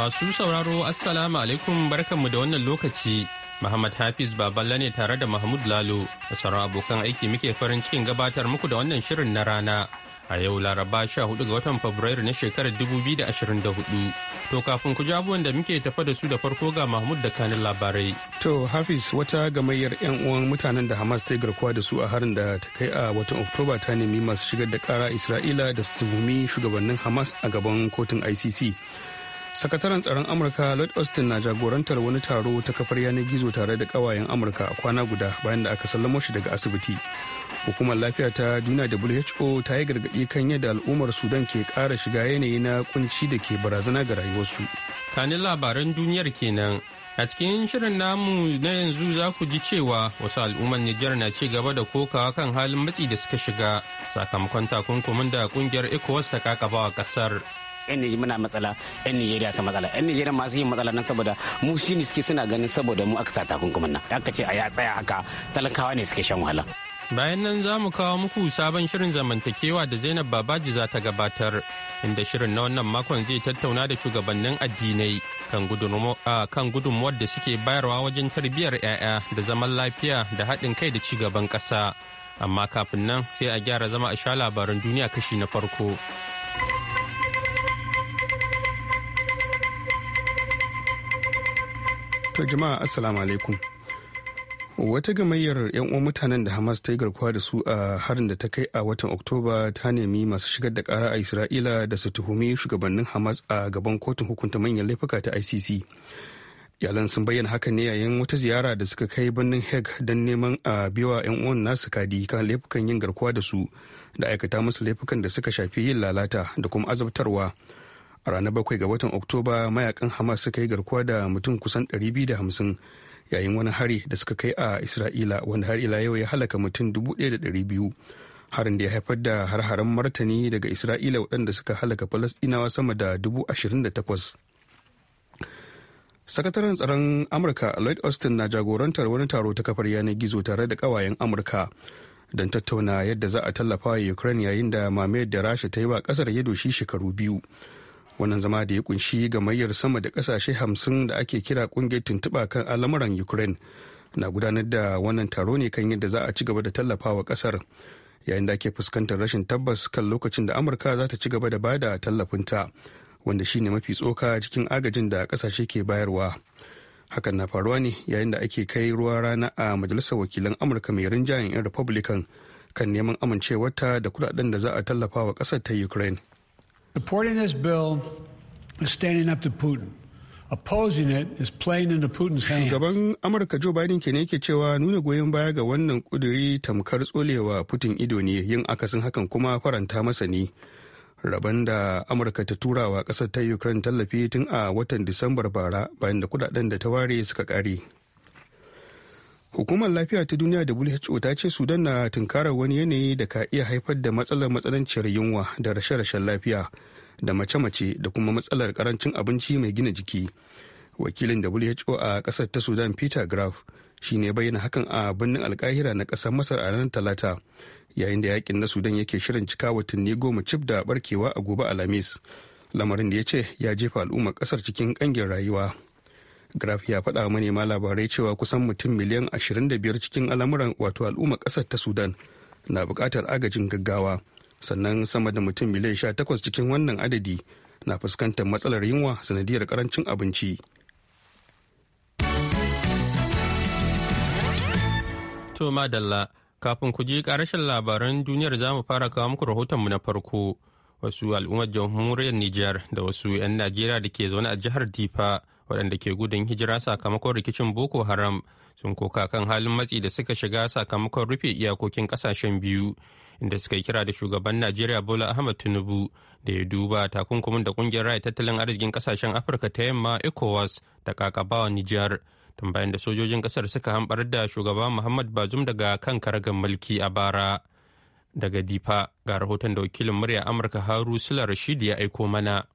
Masu sauraro Assalamu alaikum barkanmu da wannan lokaci. Muhammad Hafiz Baballa ne tare da Mahmud Lalo da sauran abokan aiki muke farin cikin gabatar muku da wannan shirin na rana. A yau Laraba 14 ga watan Fabrairu na shekarar 2024. To kafin ku jabuwan da muke tafa da su da farko ga Mahmud da kanin labarai. To Hafiz wata gamayyar 'yan uwan mutanen da Hamas ta garkuwa da su a harin da ta kai a watan Oktoba ta nemi masu shigar da kara Isra'ila da su shugabannin Hamas a gaban kotun ICC. sakataren tsaron amurka lloyd austin na jagorantar wani taro ta kafar yanar gizo tare da kawayen amurka a kwana guda bayan da aka sallamo shi daga asibiti hukumar lafiya ta duniya who ta yi gargaɗi kan yadda al'ummar sudan ke kara shiga yanayi na kunci da ke barazana ga rayuwarsu kanin labaran duniyar kenan a cikin shirin namu na yanzu za ku ji cewa wasu al'ummar nijar na ci gaba da kokawa kan halin matsi da suka shiga sakamakon takunkumin da kungiyar ecowas ta kakaba a kasar yan Nijeriya muna matsala yan Nijeriya sa matsala yan Nijeriya masu yin matsala nan saboda mu shi ne suke suna ganin saboda mu aka sa takunkumin nan aka ce a ya tsaya haka talakawa ne suke shan wahala. Bayan nan za mu kawo muku sabon shirin zamantakewa da Zainab Babaji za ta gabatar, inda shirin na wannan makon zai tattauna da shugabannin addinai kan gudunmuwar da suke bayarwa wajen tarbiyyar 'ya'ya da zaman lafiya da haɗin kai da ci gaban ƙasa. Amma kafin nan sai a gyara zama a sha labaran duniya kashi na farko. To jama'a assalamu alaikum. Wata gamayyar 'yan uwan mutanen da Hamas ta yi garkuwa da su a harin da ta kai a watan Oktoba ta nemi masu shigar da kara a Isra'ila da su tuhumi shugabannin Hamas a gaban kotun hukunta manyan laifuka ta ICC. Iyalan sun bayyana hakan ne yayin wata ziyara da suka kai birnin Hague don neman a biwa 'yan uwan nasu kadi kan laifukan yin garkuwa da su da aikata musu laifukan da suka shafi yin lalata da kuma azabtarwa. a ranar bakwai ga watan oktoba mayakan hamas suka yi garkuwa da mutum kusan 250 yayin wani hari da suka kai a isra'ila wanda har ila yau ya halaka mutum 1200 harin da ya haifar da har martani daga isra'ila waɗanda suka halaka falastinawa sama da 28 sakataren tsaron amurka lloyd austin na jagorantar wani taro ta kafar yanar gizo tare da kawayen amurka don tattauna yadda za a tallafa wa ukraine yayin da mamayar da rasha ta yi wa kasar ya doshi shekaru biyu wannan zama da ya kunshi gamayyar sama da kasashe hamsin da ake kira kungiyar tuntuɓa kan al'amuran ukraine na gudanar da wannan taro ne kan yadda za a ci gaba da tallafawa kasar yayin da ake fuskantar rashin tabbas kan lokacin da amurka za ta ci gaba da bada tallafinta wanda shine mafi tsoka cikin agajin da kasashe ke bayarwa hakan na faruwa ne yayin da ake kai ruwa rana a majalisar wakilan amurka mai rinjayen 'yan republican kan neman amincewarta da kudaden da za a tallafa wa kasar ta ukraine Supporting this bill is standing up to Putin. Opposing it is playing into Putin's hand. Shugaban Amurka Joe Biden ke ne yake cewa nuna goyon baya ga wannan kuduri tamkar tsolewa Putin ido ne yin akasin hakan kuma faranta masa ne. Rabon da Amurka ta turawa ƙasar ta Ukraine tallafi tun a watan Disambar bara bayan da kudaden da ta ware suka ƙare. hukumar lafiya ta duniya who ta ce sudan na tunkarar wani yanayi da ka iya haifar da matsalar matsananciyar yunwa da rashe-rashen lafiya da mace-mace da kuma matsalar karancin abinci mai gina jiki wakilin who a kasar ta sudan peter graf shi ne bayyana hakan a birnin alkahira na kasar masar a ranar talata yayin da yakin na sudan yake shirin cika watanni goma cif da barkewa a gobe a alhamis lamarin da ya ce ya jefa al'ummar kasar cikin kangin rayuwa Graf ya faɗa manema labarai cewa kusan mutum miliyan 25 cikin al'amuran wato al'umma ƙasar ta Sudan na buƙatar agajin gaggawa sannan sama da mutum miliyan 18 cikin wannan adadi na fuskantar matsalar yunwa sanadiyar karancin abinci. To madalla kafin ku je ƙarashin labaran duniyar za mu fara kawo muku rahotonmu na farko. wasu al'ummar jamhuriyar Nijar da wasu 'yan Najeriya da ke zaune a jihar Difa waɗanda ke gudun hijira sakamakon rikicin boko haram sun koka kan halin matsi da suka shiga sakamakon rufe iyakokin ƙasashen biyu inda suka yi kira da shugaban najeriya bola ahmad tinubu da ya duba takunkumin da ƙungiyar raya tattalin arzikin ƙasashen afirka ta yamma ecowas da kakabawa nijar tambayan da sojojin ƙasar suka hambar da shugaba muhammad bazum daga kan karagar mulki a bara daga difa ga rahoton da wakilin murya amurka haru sula rashid ya aiko mana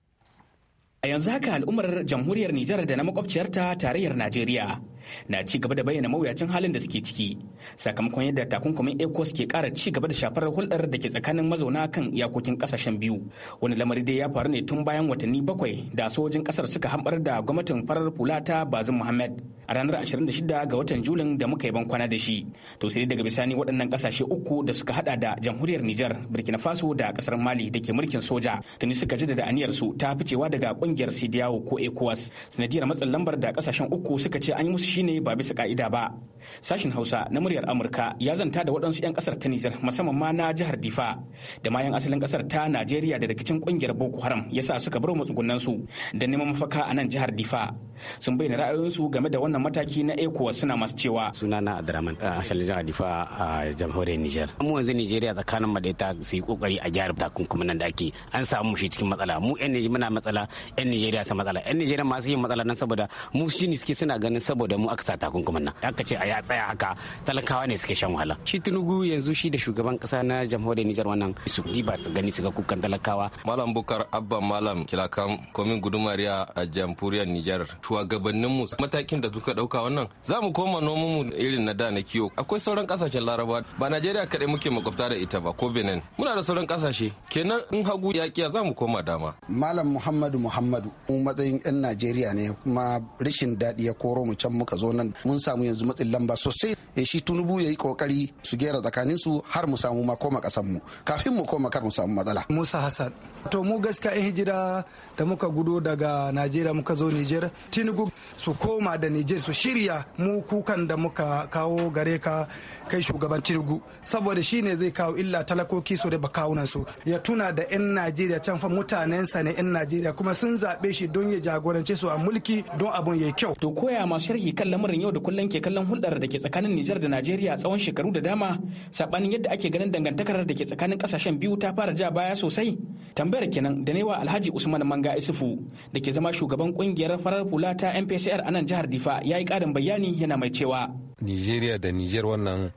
A yanzu haka al'ummar jamhuriyar Nijar da na makwabciyarta tarayyar Najeriya na ci gaba da bayyana mawuyacin halin da suke ciki sakamakon yadda takunkumin eco ke kara ci gaba da shafar hulɗar da ke tsakanin mazauna kan iyakokin kasashen biyu wani lamari dai ya faru ne tun bayan watanni bakwai da sojojin kasar suka hambar da gwamnatin farar hula ta bazum muhammad a ranar 26 ga watan julin da muka yi bankwana da shi to sai daga bisani waɗannan kasashe uku da suka hada da jamhuriyar nijar burkina faso da ƙasar mali da ke mulkin soja tuni suka jaddada su ta ficewa daga ƙungiyar sidiyawo ko ecowas sanadiyar matsin lambar da kasashen uku suka ce an yi musu shine ba bisa ka'ida ba Sashin Hausa na muryar Amurka ya zanta da waɗansu 'yan ƙasar ta Nijar musamman ma na jihar Difa da ma 'yan asalin ƙasar ta Najeriya da rikicin ƙungiyar Boko Haram ya sa suka bar matsugunansu da neman mafaka a nan jihar Difa. Sun bayyana ra'ayoyinsu game da wannan mataki na ECOWAS suna masu cewa. Sunana Adraman asalin jihar Difa a jamhuriyar Nijar. Mu yanzu Nijeriya tsakanin mu da ita su yi kokari a gyara takunkumi nan da ake an samu shi cikin matsala mu 'yan Nijeriya muna matsala 'yan Nijeriya sa matsala 'yan Nijeriya masu yin matsala nan saboda mu shi ne suke suna ganin saboda mu aka sa takunkumin nan aka ce a a tsaya haka talakawa ne suke shan wahala shi tinubu yanzu shi da shugaban kasa na jamhuriyar nijar wannan su ba su gani su ga kukan talakawa malam bukar abba malam kilakan komin gudumariya a jamhuriyar nijar shugabannin mu matakin da suka dauka wannan za mu koma noman mu irin na da na kiwo akwai sauran kasashen laraba ba najeriya kadai muke makwabta da ita ba ko benin muna da sauran kasashe kenan in hagu yakiya za mu koma dama malam muhammadu muhammadu mu matsayin yan najeriya ne kuma rashin daɗi ya koro mu can muka zo nan mun samu yanzu matsin ba sosai eh, shi tunubu ya yi kokari su gera tsakanin su har mu samu makoma kasan mu kafin mu koma kar mu samu matsala musa hassan to mu gaskiya in hijira da muka gudu daga najeriya muka zo niger tinubu su koma da niger su shirya mu kukan da muka kawo gare ka kai shugaban tinubu saboda shi ne zai kawo illa talakoki su da bakawunan su ya tuna da yan najeriya can fa mutanensa ne yan najeriya kuma sun zaɓe shi don ya jagorance su a mulki don abun ya kyau to koya ma sharhi kan lamarin yau da kullum ke kallon hulɗar dangantakar da ke tsakanin Nijar da Najeriya tsawon shekaru da dama sabanin yadda ake ganin dangantakar da ke tsakanin kasashen biyu ta fara ja baya sosai tambayar kenan da newa Alhaji Usman Manga Isufu da ke zama shugaban kungiyar farar hula ta NPCR a nan jihar Difa ya yi karin bayani yana mai cewa Nijeriya da Nijar wannan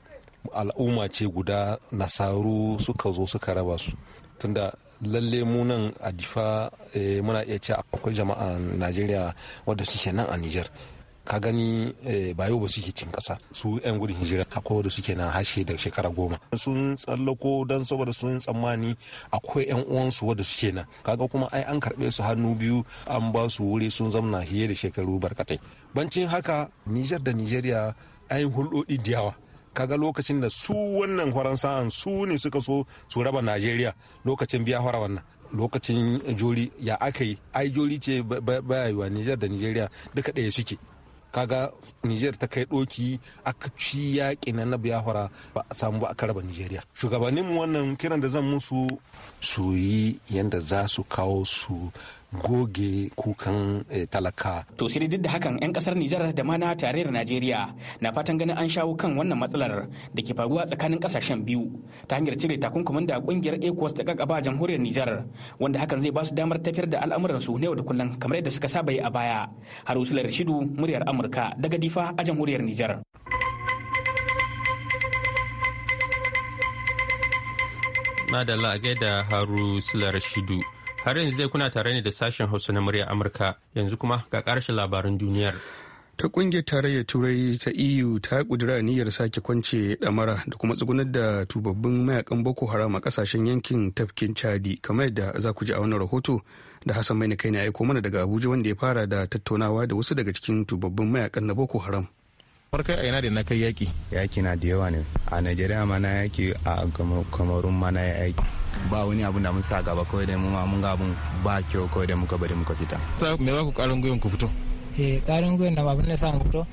al'umma ce guda nasaru suka zo suka raba su tunda lalle mu nan a difa eh, muna iya ce akwai jama'a najeriya wadda suke nan a nijar ka gani eh, ba yau ba suke cin kasa su yan gudun hijira hako wanda suke na hashe da shekara goma sun tsallako don saboda sun tsammani akwai yan uwansu wanda suke nan kaga kuma ai an karbe su hannu biyu an ba su wuri sun zamna fiye da shekaru barkatai bancin haka nijar da nijeriya ayin hulɗoɗi da yawa kaga lokacin da su wannan faransa'an su ne suka so su raba najeriya lokacin biya fara wannan lokacin jori ya aka yi ai jori ce baya wa nijar da nijeriya duka ɗaya suke kaga niger ta kai doki aka ci yaƙi na biafra ba a samu ba a karaba nijeriya Shugabanninmu wannan kiran da zan musu su yi yadda za su kawo su goge kukan eh, talaka. To sai duk da hakan 'yan kasar Nijar da ma na tarayyar Najeriya na fatan ganin an shawo kan wannan matsalar da ke faruwa tsakanin kasashen biyu ta hanyar cire takunkumin da kungiyar ECOWAS ta kakaba jamhuriyar Nijar wanda hakan zai ba su damar tafiyar da al'amuran su yau da kullum kamar yadda suka saba yi a baya. Harusular Rashidu muryar Amurka daga Difa a jamhuriyar Nijar. Madalla a gaida Haru Sula rashidu. Har yanzu dai kuna tare ne da sashen Hausa na murya Amurka yanzu kuma ga karshen labaran duniyar. Ta kungiyar tarayyar Turai ta EU ta kudura niyyar sake kwance damara da kuma tsugunar da tubabbin mayakan Boko Haram a kasashen yankin tafkin Chadi kamar yadda za ku ji a wannan rahoto da Hassan na kai ne aiko mana daga Abuja wanda ya fara da tattaunawa da wasu daga cikin tubabbin mayakan na Boko Haram. farkai a yana da na kai yaki yaki na da yawa ne a najeriya ma na yaki a kamarun ma na yaki ba wani abun da mun sa gaba kawai da mun mun ga abun ba kyau kawai da muka bari muka fita me ba ku karin gwiwan ku fito eh karin gwiwan da abun da sa mu fito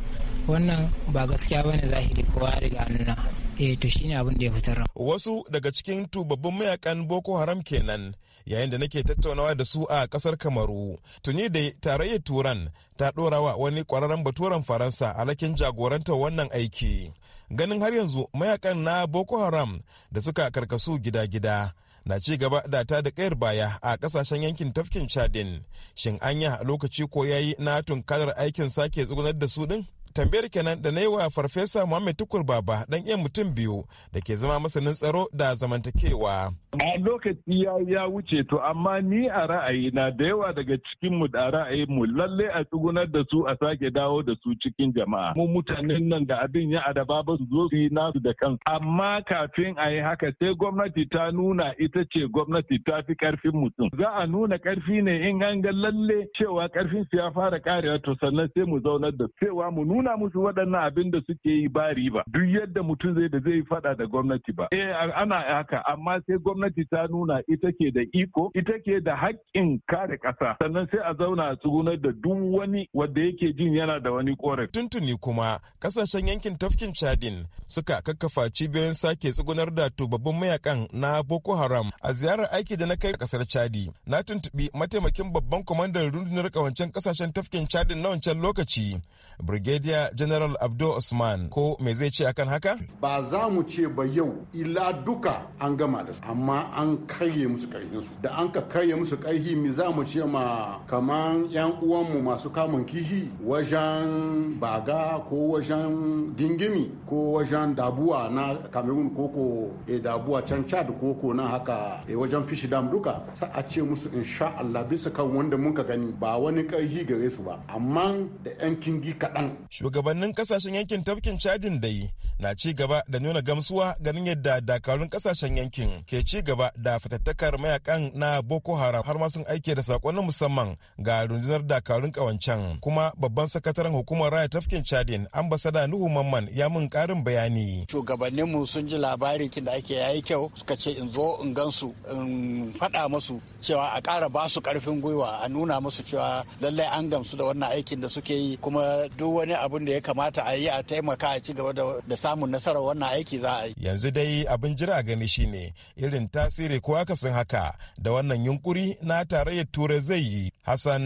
wannan ba gaskiya bane zahiri kowa riga nuna eh to shine abin da ya fitar wasu daga cikin tubabbin mayakan boko haram kenan yayin da nake tattaunawa da su a kasar kamaru tuni da tarayyar turan ta dorawa wa wani kwararren baturen faransa alakin jagorantar wannan aiki ganin har yanzu mayakan na boko haram da suka karkasu gida-gida na ci gaba da ta da kayar baya a kasashen yankin tafkin chadin shin anya lokaci ko yayi na tunkarar aikin sake tsugunar da su din tambayar kenan da na yi wa farfesa muhammed tukur baba dan iya mutum biyu da ke zama masanin tsaro da zamantakewa a lokaci ya wuce to amma ni a ra'ayi na da yawa daga cikin mu da ra'ayin mu lalle a tsugunar da su a sake dawo da su cikin jama'a mu mutanen nan da abin ya adaba ba su zo su yi nasu da kansu amma kafin a yi haka sai gwamnati ta nuna ita ce gwamnati ta fi karfin mutum za a nuna karfi ne in an ga lalle cewa karfin su ya fara karewa to sannan sai mu zaunar da cewa mu nuna musu waɗannan abin da suke yi ba riba duk yadda mutum zai da zai faɗa da gwamnati ba eh ana haka amma sai gwamnati ta nuna ita ke da iko ita ke da haƙƙin kare ƙasa sannan sai a zauna a tsugunar da duk wani wanda yake jin yana da wani ƙorafi tuntuni kuma kasashen yankin tafkin chadin suka kakkafa cibiyoyin sake tsugunar da babban mayakan na boko haram a ziyarar aiki da na kai a kasar chadi na tuntubi mataimakin babban kwamandan rundunar kawancen kasashen tafkin chadin na wancan lokaci brigadier Birgediya General Abdul Usman ko me zai ce akan haka? Ba za mu ce ba yau ila duka an gama da amma an karye musu su. da an ka karye musu karhi me za mu ce ma kaman yan uwanmu masu kamun kihi wajen baga ko wajen dingimi ko wajen dabuwa na Cameroon koko e eh, dabuwa can Chad koko na haka e wajen fishi dam duka sa a ce musu insha Allah bisa kan wanda muka gani ba wani karhi gare su ba amma da yan kingi kaɗan. shugabannin kasashen yankin tafkin chadin dai na ci gaba da nuna gamsuwa ganin yadda dakarun kasashen yankin ke ci gaba da fatattakar mayakan na boko haram har ma sun aike da sakonni musamman ga rundunar dakarun kawancan kuma babban sakataren hukumar raya tafkin chadin ambasada nuhu mamman ya mun karin bayani shugabannin mu sun ji labari da ake yayi kyau suka ce in zo in gansu in faɗa musu cewa a kara ba su ƙarfin gwiwa a nuna musu cewa lallai an gamsu da wannan aikin da suke yi kuma duk wani abin da ya kamata a yi a taimaka a ci gaba da samun nasarar wannan aiki za a yi. Yanzu dai abin jira gani shine irin tasiri ko akasin haka da wannan yunkuri na tarayyar turai zai yi. Hassan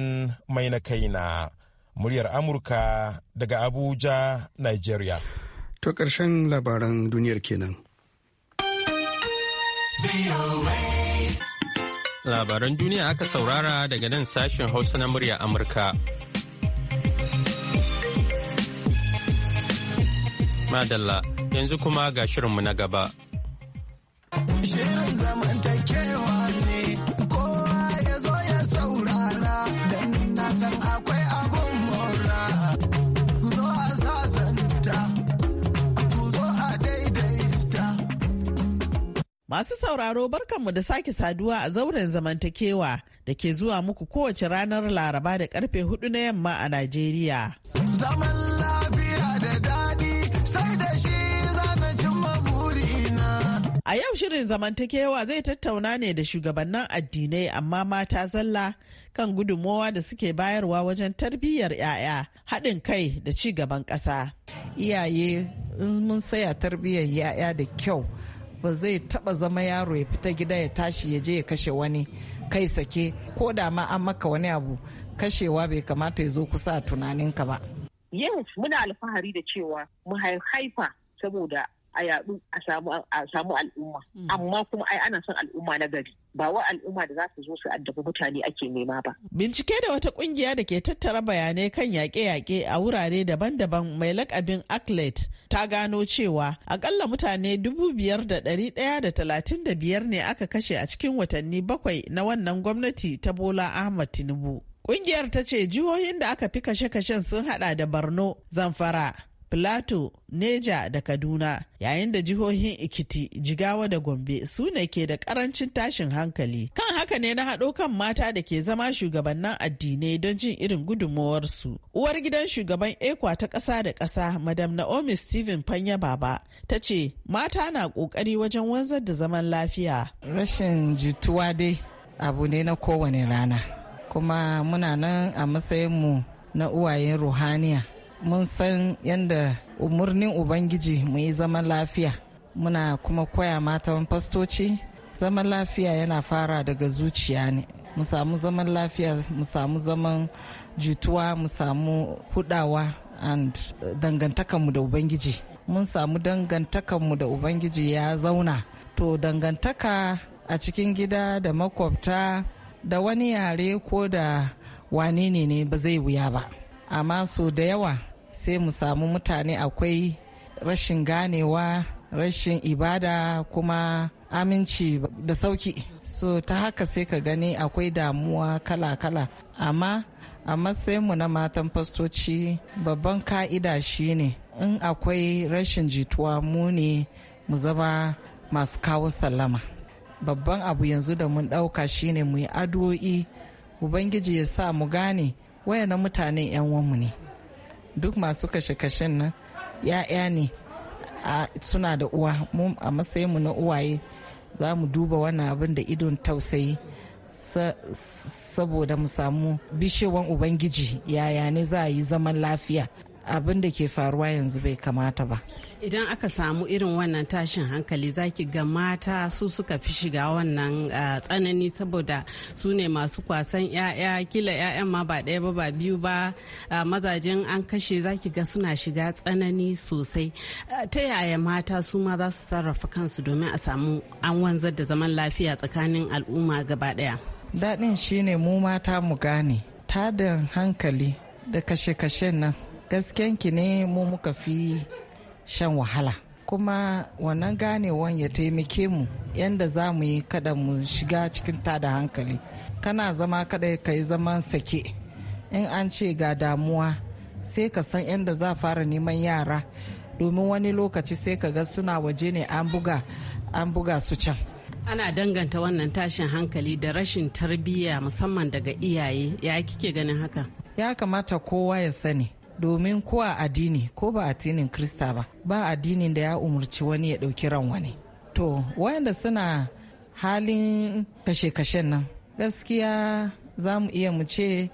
mai na kaina muryar Amurka daga Abuja, Nigeria. To ƙarshen labaran duniyar kenan. Labaran duniya aka saurara daga nan sashen Hausa na murya Amurka. Madalla yanzu kuma ga shirinmu na gaba. Shirin zamantakewa ne kowa yazo ya saurara abun a Masu sauraro barkanmu da sake saduwa a zauren zamantakewa da ke zuwa muku kowace ranar laraba da karfe hudu na yamma a Najeriya. Zaman lafiya da A yau shirin zamantakewa zai tattauna ne da shugabannin addinai amma mata zalla kan gudummawa da suke bayarwa wajen tarbiyyar 'ya'ya haɗin kai da ci gaban ƙasa. Iyaye in mun saya tarbiyyar 'ya'ya da kyau ba zai taɓa zama yaro ya fita gida ya tashi ya je ya kashe wani kai sake ko da ma an maka wani abu kashewa bai kamata ya zo kusa a tunaninka ba. Yau muna alfahari da cewa mu haifa saboda a yaɗu a samu al'umma mm. amma kuma ai ana son al'umma na gari ba wa al'umma da za su zo su addabi mutane ake nema ba. Bincike da wata kungiya da ke tattara bayanai kan yaƙe-yaƙe a wurare daban-daban mai lakabin Aklet ta gano cewa akalla mutane dubu biyar da ɗari ɗaya da talatin da biyar ne aka kashe a cikin watanni bakwai na wannan gwamnati ta Bola Ahmad Tinubu. Kungiyar ta ce jihohin da aka fi kashe-kashen sun hada da Borno, Zamfara, Filato, Neja da Kaduna yayin da jihohin Ikiti, Jigawa da Gombe su ne ke da karancin tashin hankali. Kan haka ne na haɗo kan mata da ke zama shugabannin addinai don jin irin gudunmawarsu. Uwar gidan shugaban ekwa ta ƙasa da ƙasa, Madam Naomi Stephen Panya Baba, ta ce mata na ƙoƙari wajen wanzar da zaman lafiya. Rashin jituwa dai abu ne na kowane rana, kuma muna nan a matsayinmu na uwayen ruhaniya. mun san yadda umarnin ubangiji mu yi zaman lafiya muna kuma koya matan fastoci zaman lafiya yana fara daga zuciya ne mu samu zaman lafiya mu samu zaman jituwa mu samu hudawa and dangantakanmu da ubangiji mun samu dangantakanmu da ubangiji ya zauna to dangantaka a cikin gida da makwabta da wani yare ko da wane ne ba zai wuya ba amma so da yawa sai mu samu mutane akwai rashin ganewa rashin ibada kuma aminci da sauki so ta haka sai ka gani akwai damuwa kala-kala amma a mu na matan fastoci babban ka'ida shine in akwai rashin jituwa mu ne mu zama masu kawo sallama babban abu yanzu da mun ɗauka shine mu yi addu'o'i ubangiji ya sa mu gane na mutanen 'yan wanmu ne duk masu kashe-kashen nan ya'ya ne suna da uwa a a mu na uwaye za mu duba wani abin da idon tausayi saboda mu samu bishewan ubangiji yaya ne za a yi zaman lafiya abin da ke faruwa yanzu bai kamata ba idan aka samu irin wannan tashin hankali zaki ga mata su suka fi shiga wannan tsanani saboda su ne masu kwasan 'ya'ya kila 'ya'yan ma ba ɗaya ba ba biyu ba mazajen an kashe zaki ga suna shiga tsanani sosai ta yaya mata su ma za su sarrafa kansu domin a samu an wanzar da zaman lafiya tsakanin al'umma gaba ɗaya daɗin shine mu mata mu gane tadin hankali da kashe-kashen nan ki ne mu muka fi shan wahala kuma wannan ganewan ya taimake mu yadda za mu yi kada mu shiga cikin tada hankali kana zama kada ka yi zaman sake in an ce ga damuwa sai ka san yadda za fara neman yara domin wani lokaci sai ka ga suna waje ne an buga an buga su can ana danganta wannan tashin hankali da rashin tarbiyya musamman daga iyaye ya kike ganin haka ya kamata kowa ya sani domin ko a addini ko ba addinin krista ba ba addinin da ya umarci wani ya ɗauki ran wani to wayanda suna halin kashe-kashen nan gaskiya za mu iya mu ce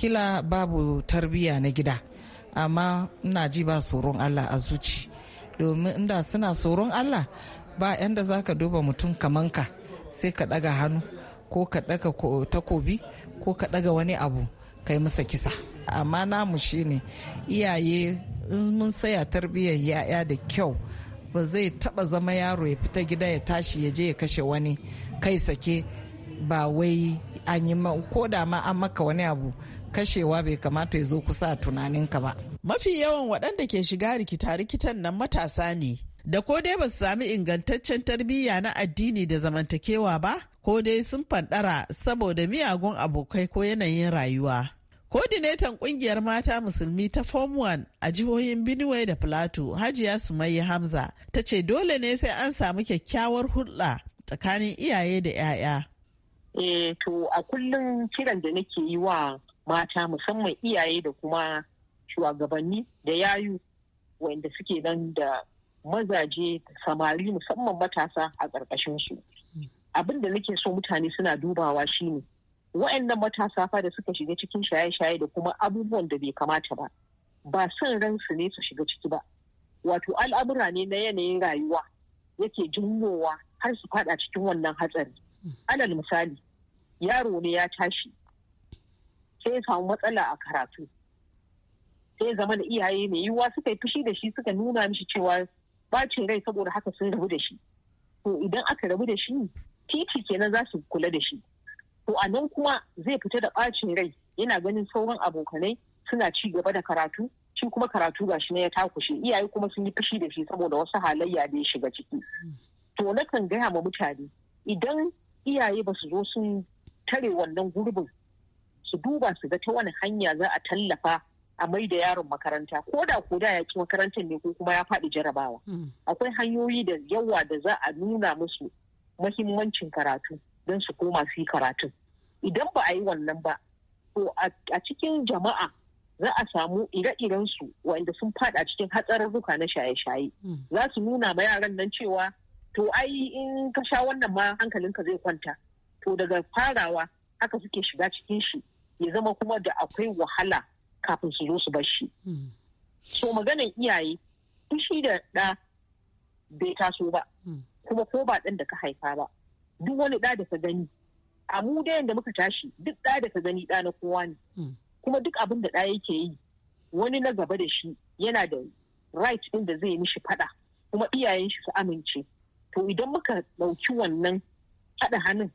kila babu tarbiya na gida amma ina ji ba tsoron allah a zuci domin inda suna tsoron allah ba yanda za ka duba mutum kaman ka sai ka ɗaga hannu ko ka ɗaga takobi ko ka ɗaga wani abu kai masa kisa amma namu shine iyaye mun saya tarbiyyar ya'ya da kyau ba zai taba zama yaro ya fita gida ya tashi ya je ya kashe wani kai sake ba wai an yi ko da ma an maka wani abu kashewa bai kamata ya zo kusa a tunaninka ba mafi yawan waɗanda ke shiga rikita-rikitan nan matasa ne da ko dai ba su sami ingantaccen tarbiyya na addini da zamantakewa ba ko dai sun fanɗara saboda miyagun abokai ko yanayin rayuwa Kodinetan kungiyar mata musulmi ta Form 1 a jihohin Benue da Plateau, Hajiya Sumayya Hamza, ta ce dole ne sai an samu kyakkyawar hulɗa tsakanin iyaye da 'ya'ya. E, to a kullum kiran da nake yi wa mata musamman iyaye da kuma shugabanni da yayu wanda suke nan da mazaje samari musamman matasa a ƙarƙashin su. Abin da nake so mutane suna dubawa shine wa'annan matasa fa da suka shiga cikin shaye-shaye da kuma abubuwan da bai kamata ba ba son ransu ne su shiga ciki ba wato al'amura ne na yanayin rayuwa yake jinyowa har su fada cikin wannan hatsari alal misali yaro ne ya tashi sai ya samu matsala a karatu sai zama da iyaye mai yiwuwa suka yi fushi da shi suka nuna mishi cewa bacin rai saboda haka sun rabu da shi to idan aka rabu da shi titi kenan za su kula da shi to a nan kuma zai fita da ɓacin rai yana ganin sauran abokanai suna ci gaba da karatu shi kuma karatu gashi ne ya takushe iyaye kuma sun yi fushi da shi saboda wasu halayya da ya shiga ciki to na kan gaya ma mutane idan iyaye ba su zo sun tare wannan gurbin su duba su ga ta wani hanya za a tallafa a mai da yaron makaranta ko da ko da ya ci makarantar ne ko kuma ya faɗi jarabawa hmm. akwai hanyoyi da yawa da za a nuna musu mahimmancin karatu don su koma su yi karatun idan ba a yi wannan ba to a cikin jama'a za a samu ire-iren su wanda sun fada cikin hatsararruka na shaye-shaye hmm. za su nuna ma yaran nan cewa to ai in ka sha wannan ma hankalinka zai kwanta to daga farawa haka suke shiga cikin shi ya zama kuma da akwai wahala kafin su zo su bar shi hmm. so maganan iyaye fushi da ɗa bai taso ba hmm. kuma ko ba ɗan da ka haifa ba duk wani ɗa da ka gani a mu da yanda muka tashi duk ɗa da ka gani ɗa na kowa ne hmm. kuma duk abin da ɗa yake yi wani na gaba da shi yana da right ɗin da zai mishi faɗa kuma iyayen shi su amince to idan muka ɗauki wannan haɗa hannun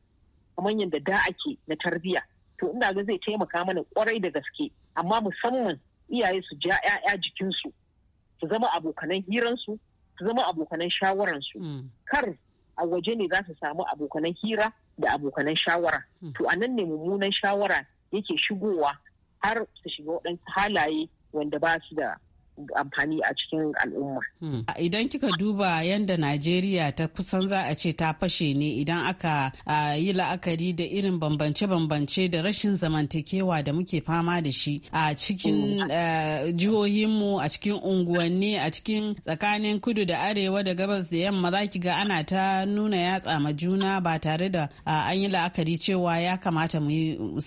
kamar yadda da ake na tarbiyya to ina ga zai taimaka mana kwarai da gaske amma musamman iyaye su ja 'ya'ya jikinsu su zama abokanan hiransu su zama abokanan shawaransu hmm. kar a waje ne za su samu abokanan hira da abokanan shawara hmm. to a nan ne mummunan shawara yake shigowa har su shiga waɗansu halaye wanda ba su da amfani a cikin al'umma. Hmm. Idan kika duba yadda Najeriya ta kusan za a ce ta fashe ne idan aka yi la'akari da irin bambance-bambance da rashin zamantakewa da muke fama da shi a cikin hmm. jihohinmu a cikin unguwanni a cikin tsakanin kudu da arewa da gabas da yamma za ki ga ana ta nuna yatsa ma juna ba tare da an yi la'akari cewa ya kamata mu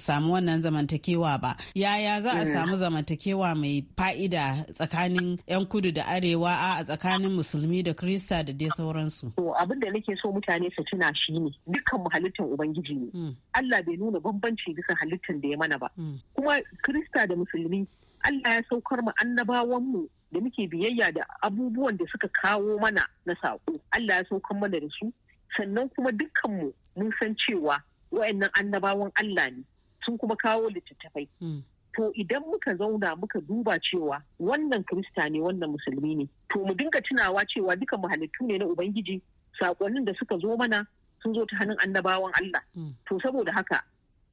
samu wannan zamantakewa ba. Yaya za a hmm. samu zamantakewa mai fa'ida tsakanin tsakanin 'yan kudu da arewa a tsakanin musulmi da krista da dai sauransu. to abin da nake so mutane su tuna shi ne dukkan mu halittar ubangiji ne hmm. Allah bai nuna bambanci bisa halittar da ya mana ba hmm. kuma krista da musulmi Allah ya saukar mu annabawan mu da muke biyayya da abubuwan da suka kawo mana na saƙo Allah ya saukar mana da su sannan kuma dukkanmu mu mun san cewa wa'annan annabawan Allah ne sun kuma kawo littattafai hmm. to idan muka zauna muka duba cewa wannan krista ne wannan musulmi ne to mu dinga tunawa cewa duka mu ne na ubangiji sakonnin da suka zo mana sun zo ta hannun annabawan Allah hmm. to saboda haka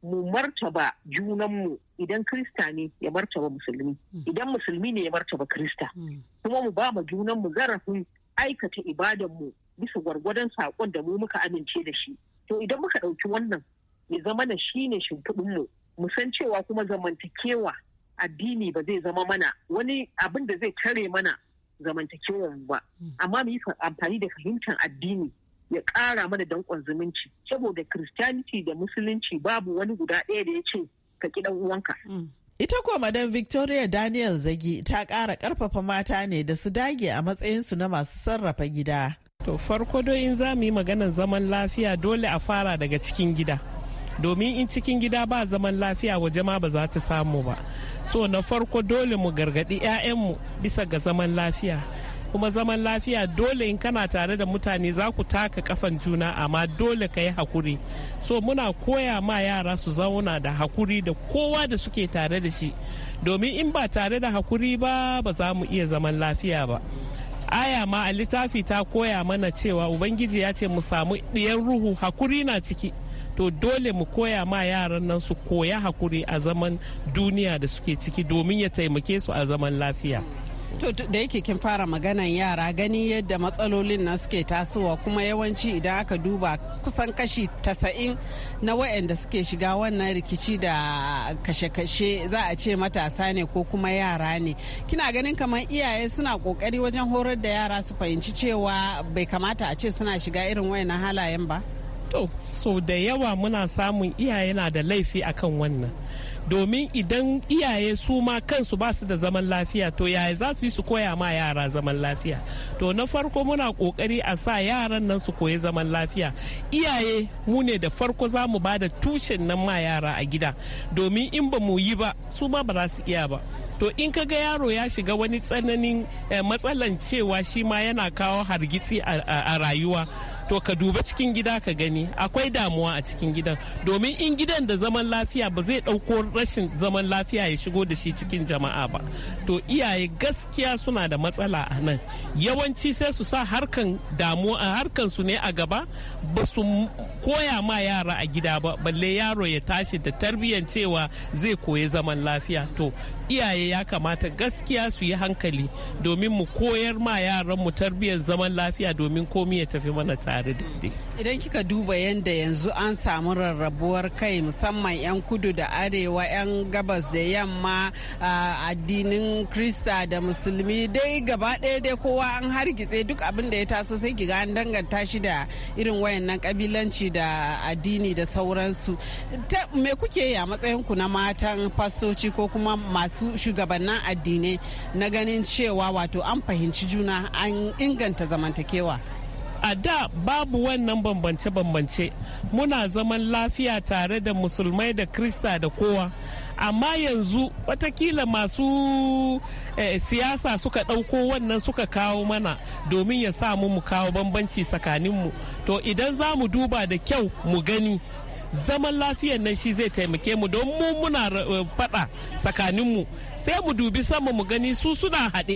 mu martaba junanmu idan krista ne ya martaba musulmi hmm. idan musulmi ne ya martaba krista hmm. kuma mu ba ma junanmu zarafin aikata mu bisa gwargwadon sakon da mu muka amince da shi to idan muka ɗauki wannan ya zama na shi ne shimfiɗinmu mu san cewa kuma zamantakewa addini ba zai zama mana wani abin da zai tare mana zamantakewar ba hmm. amma mu yi amfani da fahimtar addini ya ƙara mana danƙon zumunci saboda christianity da musulunci babu wani guda ɗaya da ya ce ka ki dan uwanka hmm. Ita kuwa Madam Victoria Daniel Zagi ta ƙara ƙarfafa mata ne da su dage a matsayin su na masu sarrafa gida. To farko in za mu yi maganar zaman lafiya dole a fara daga cikin gida. domin in cikin gida ba zaman lafiya waje ma ba za ta samu ba so na farko dole mu gargadi 'ya'yanmu bisa ga zaman lafiya kuma zaman lafiya dole in kana tare da mutane za ku taka kafan juna amma dole ka yi hakuri so muna koya ma yara su zauna da hakuri da kowa da suke tare da shi domin in ba tare da hakuri ba ba za mu iya zaman lafiya ba aya ma a littafi ta koya mana cewa ubangiji ya ce mu samu ɗiyan ruhu hakuri na ciki to dole mu koya ma yaran nan su koya hakuri a zaman duniya da suke ciki domin ya taimake su a zaman lafiya To da yake kin fara maganan yara gani yadda matsalolin na suke tasowa kuma yawanci idan aka duba kusan kashi tasa'in na wayanda suke shiga wannan rikici da kashe-kashe za a ce matasa ne ko kuma yara ne. Kina ganin kamar iyaye suna kokari wajen horar da yara su fahimci cewa bai kamata a ce suna shiga irin wayannan halayen ba? To, so da yawa muna samun iyaye na da laifi akan wannan. Domin idan iyaye su ma kansu ba su da zaman lafiya to yaya za su yi su koya ma yara zaman lafiya. To na farko muna kokari a sa yaran nan su koyi zaman lafiya. Iyaye mu ne da farko za mu ba da tushen nan ma yara a gida. Domin in ba mu yi ba su ma ba za su iya ba. To in ka ga yaro ya shiga wani tsananin eh, matsalan cewa shi ma yana kawo hargitsi a rayuwa. to ka duba cikin gida ka gani akwai damuwa a cikin gidan domin in gidan da zaman lafiya ba zai ɗauko rashin zaman lafiya ya shigo da shi cikin jama'a ba to iyaye gaskiya suna da matsala a nan yawanci sai su sa harkan damuwa harkan su ne a gaba ba su koya ma yara a gida ba balle yaro ya tashi da tarbiyyan cewa zai koyi zaman lafiya to iyaye ya kamata gaskiya su yi hankali domin mu koyar ma yaran mu tarbiyyar zaman lafiya domin komi ya tafi mana tare tare da dai. Idan kika duba yadda yanzu an samu rarrabuwar kai musamman 'yan kudu da arewa 'yan gabas da yamma addinin Krista da musulmi dai gaba ɗaya dai kowa an hargitse duk abin da ya taso sai kiga an danganta shi da irin wayannan kabilanci da addini da sauransu. Me kuke yi a ku na matan fastoci ko kuma masu shugabannin addinai na ganin cewa wato an fahimci juna an inganta zamantakewa. a da babu wannan bambance-bambance muna zaman lafiya tare da musulmai da krista da kowa amma yanzu watakila masu eh, siyasa suka ɗauko wannan suka kawo mana domin ya sa mu kawo bambanci tsakaninmu to idan za mu duba da kyau mu gani zaman lafiyan nan shi zai taimake mu don mu muna eh, faɗa tsakaninmu sai mu dubi sama mu gani su suna haɗe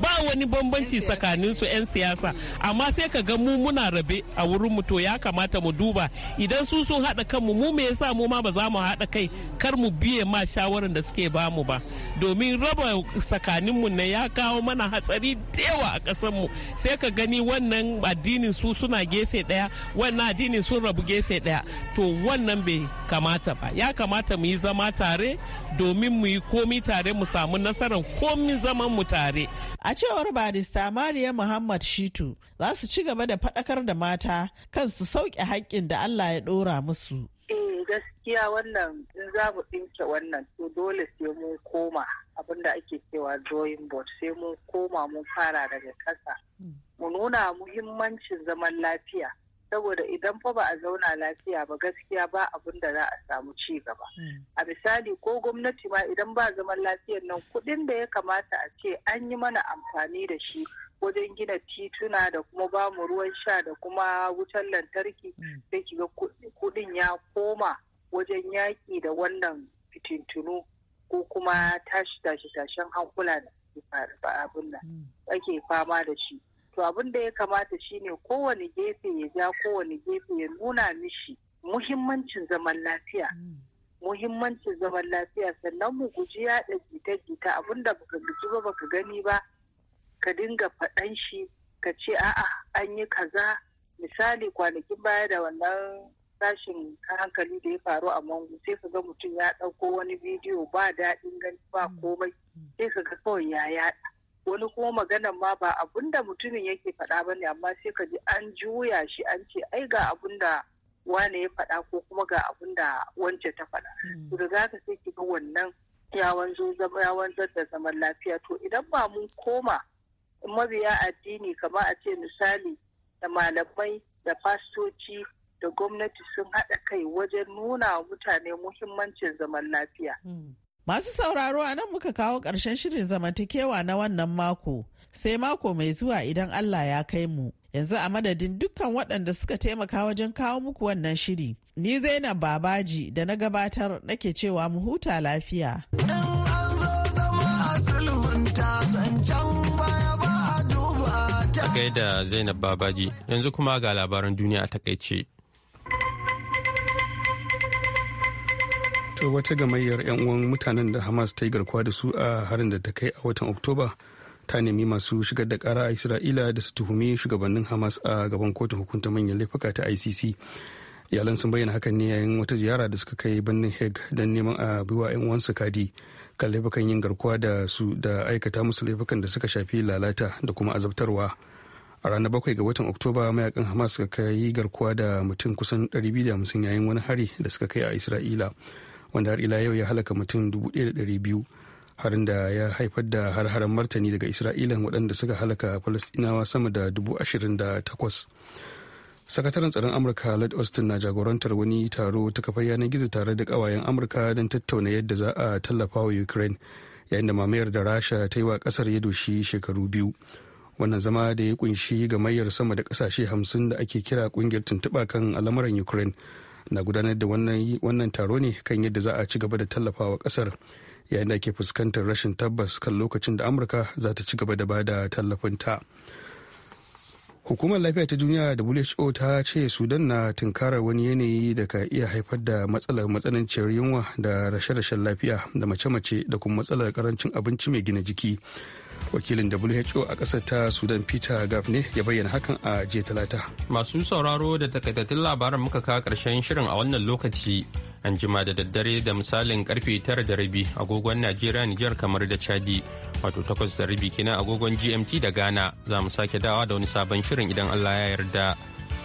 ba wani bambanci tsakanin su 'yan siyasa amma sai ka ga mu muna rabe a wurin mu to ya kamata mu duba idan su sun haɗa kanmu mu me yasa mu ma ba za mu haɗa kai kar mu biye ma shawaran da suke ba mu ba domin raba tsakanin mu na ya kawo mana hatsari da a ƙasar mu sai ka gani wannan addinin su suna gefe ɗaya wannan addinin sun rabu gefe ɗaya to wannan bai kamata ba ya kamata mu yi zama tare domin mu yi komi tare mu samu nasarar komi zaman mu tare A cewar barista Mariya Muhammad Shitu za su ci gaba da faɗakar da mata kan su sauke haƙƙin da Allah ya ɗora musu. Eh, gaskiya wannan in za mu ɗinke wannan to dole sai mun koma abinda ake cewa drawing board sai mun koma mun fara daga ƙasa hmm. mu nuna muhimmancin zaman lafiya saboda idan fa ba a zauna lafiya ba gaskiya ba abun da za a samu ci gaba hmm. a misali ko gwamnati ma idan ba zaman lafiyar nan kuɗin da ya kamata a ce an yi mana amfani da shi wajen gina tituna da kuma ba mu ruwan sha da kuma wutar lantarki hmm. sai ga kuɗin ya koma wajen yaki da wannan fitintunu ko kuma tashi tashi tashen hankula da hmm. ake fama da shi to abin da ya kamata shine kowane gefe ya ja kowane gefe ya nuna mishi muhimmancin zaman lafiya muhimmancin zaman lafiya sannan mu guji yaɗa gita-gita abin da baka guji ba baka gani ba ka dinga faɗan shi ka ce a'a an yi kaza misali kwanakin baya da wannan sashin hankali da ya faru a mangu sai ka ga mutum ya ɗauko wani bidiyo ba daɗin gani ba komai sai ka ga kawai ya yaɗa wani kuma maganan ma ba abun da mutumin yake faɗa ba ne amma sai ka ji an juya shi an ce ai ga abun da wane ya faɗa ko kuma ga abun da wance ta faɗa. Hmm. Da za ka sai kiga ga wannan ya wanzo da zaman lafiya to idan ba mun koma mabiya addini kamar a ce misali da malamai da fastoci da gwamnati sun haɗa kai wajen nuna wa mutane muhimmancin zaman lafiya. Hmm. Masu sauraro a nan muka kawo ƙarshen shirin zamantakewa na wannan mako, sai mako mai zuwa idan Allah ya kai mu. Yanzu a madadin dukkan waɗanda suka taimaka wajen kawo muku wannan shiri. Ni Zainab Babaji da na gabatar nake cewa mu huta lafiya. A gaida Zainab Babaji, yanzu kuma ga labaran duniya a takaice. to wata gamayyar 'yan uwan mutanen da hamas ta yi garkuwa da su a harin da ta kai a watan oktoba ta nemi masu shigar da kara a isra'ila da su tuhumi shugabannin hamas a gaban kotun hukunta manyan laifuka ta icc iyalan sun bayyana hakan ne yayin wata ziyara da suka kai birnin hague don neman a biwa 'yan uwansu kadi kan laifukan yin garkuwa da su da aikata musu laifukan da suka shafi lalata da kuma azabtarwa a ranar bakwai ga watan oktoba mayakan hamas suka kai garkuwa da mutum kusan 250 yayin wani hari da suka kai a isra'ila wanda har ila yau ya halaka mutum 1,200 harin da ya haifar da har martani daga isra'ila waɗanda suka halaka falastinawa sama da takwas sakataren tsaron amurka lord austin na jagorantar wani taro ta kafar yanar gizo tare da kawayen amurka don tattauna yadda za a tallafa wa ukraine yayin da mamayar da rasha ta yi wa kasar ya doshi shekaru biyu wannan zama da ya kunshi gamayyar sama da kasashe hamsin da ake kira kungiyar tuntuɓa kan al'amuran ukraine na gudanar da wannan taro ne kan yadda za a ci gaba da tallafawa kasar yayin da ke fuskantar rashin tabbas kan lokacin da amurka za ta ci gaba da ba da ta. hukumar lafiya ta duniya who ta ce sudan na tunkarar wani yanayi da ka iya haifar da matsalar matsananciyar yunwa da rashe-rashen lafiya da mace-mace da kuma matsalar karancin abinci mai gina jiki wakilin who a ƙasar ta sudan peter gafne ya bayyana hakan a jiya talata masu sauraro da takaitattun labaran muka kawo karshen shirin a wannan lokaci an jima da daddare da misalin karfe tara da rabi agogon najeriya nijar kamar da chadi wato takwas da kenan agogon gmt da ghana za mu sake dawa da wani sabon shirin idan allah ya yarda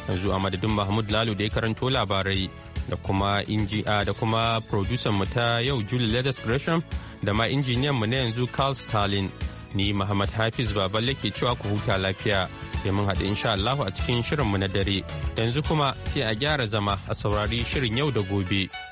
yanzu a madadin mahmud lalu da ya karanto labarai da kuma injiya da kuma producer mu ta yau julie ledes gresham da ma injiniyan mu na yanzu carl stalin ni Muhammad Hafiz Baballe ke cewa ku huta lafiya sai mun haɗu insha Allah a cikin shirinmu na dare yanzu kuma sai a gyara zama a saurari shirin yau da gobe.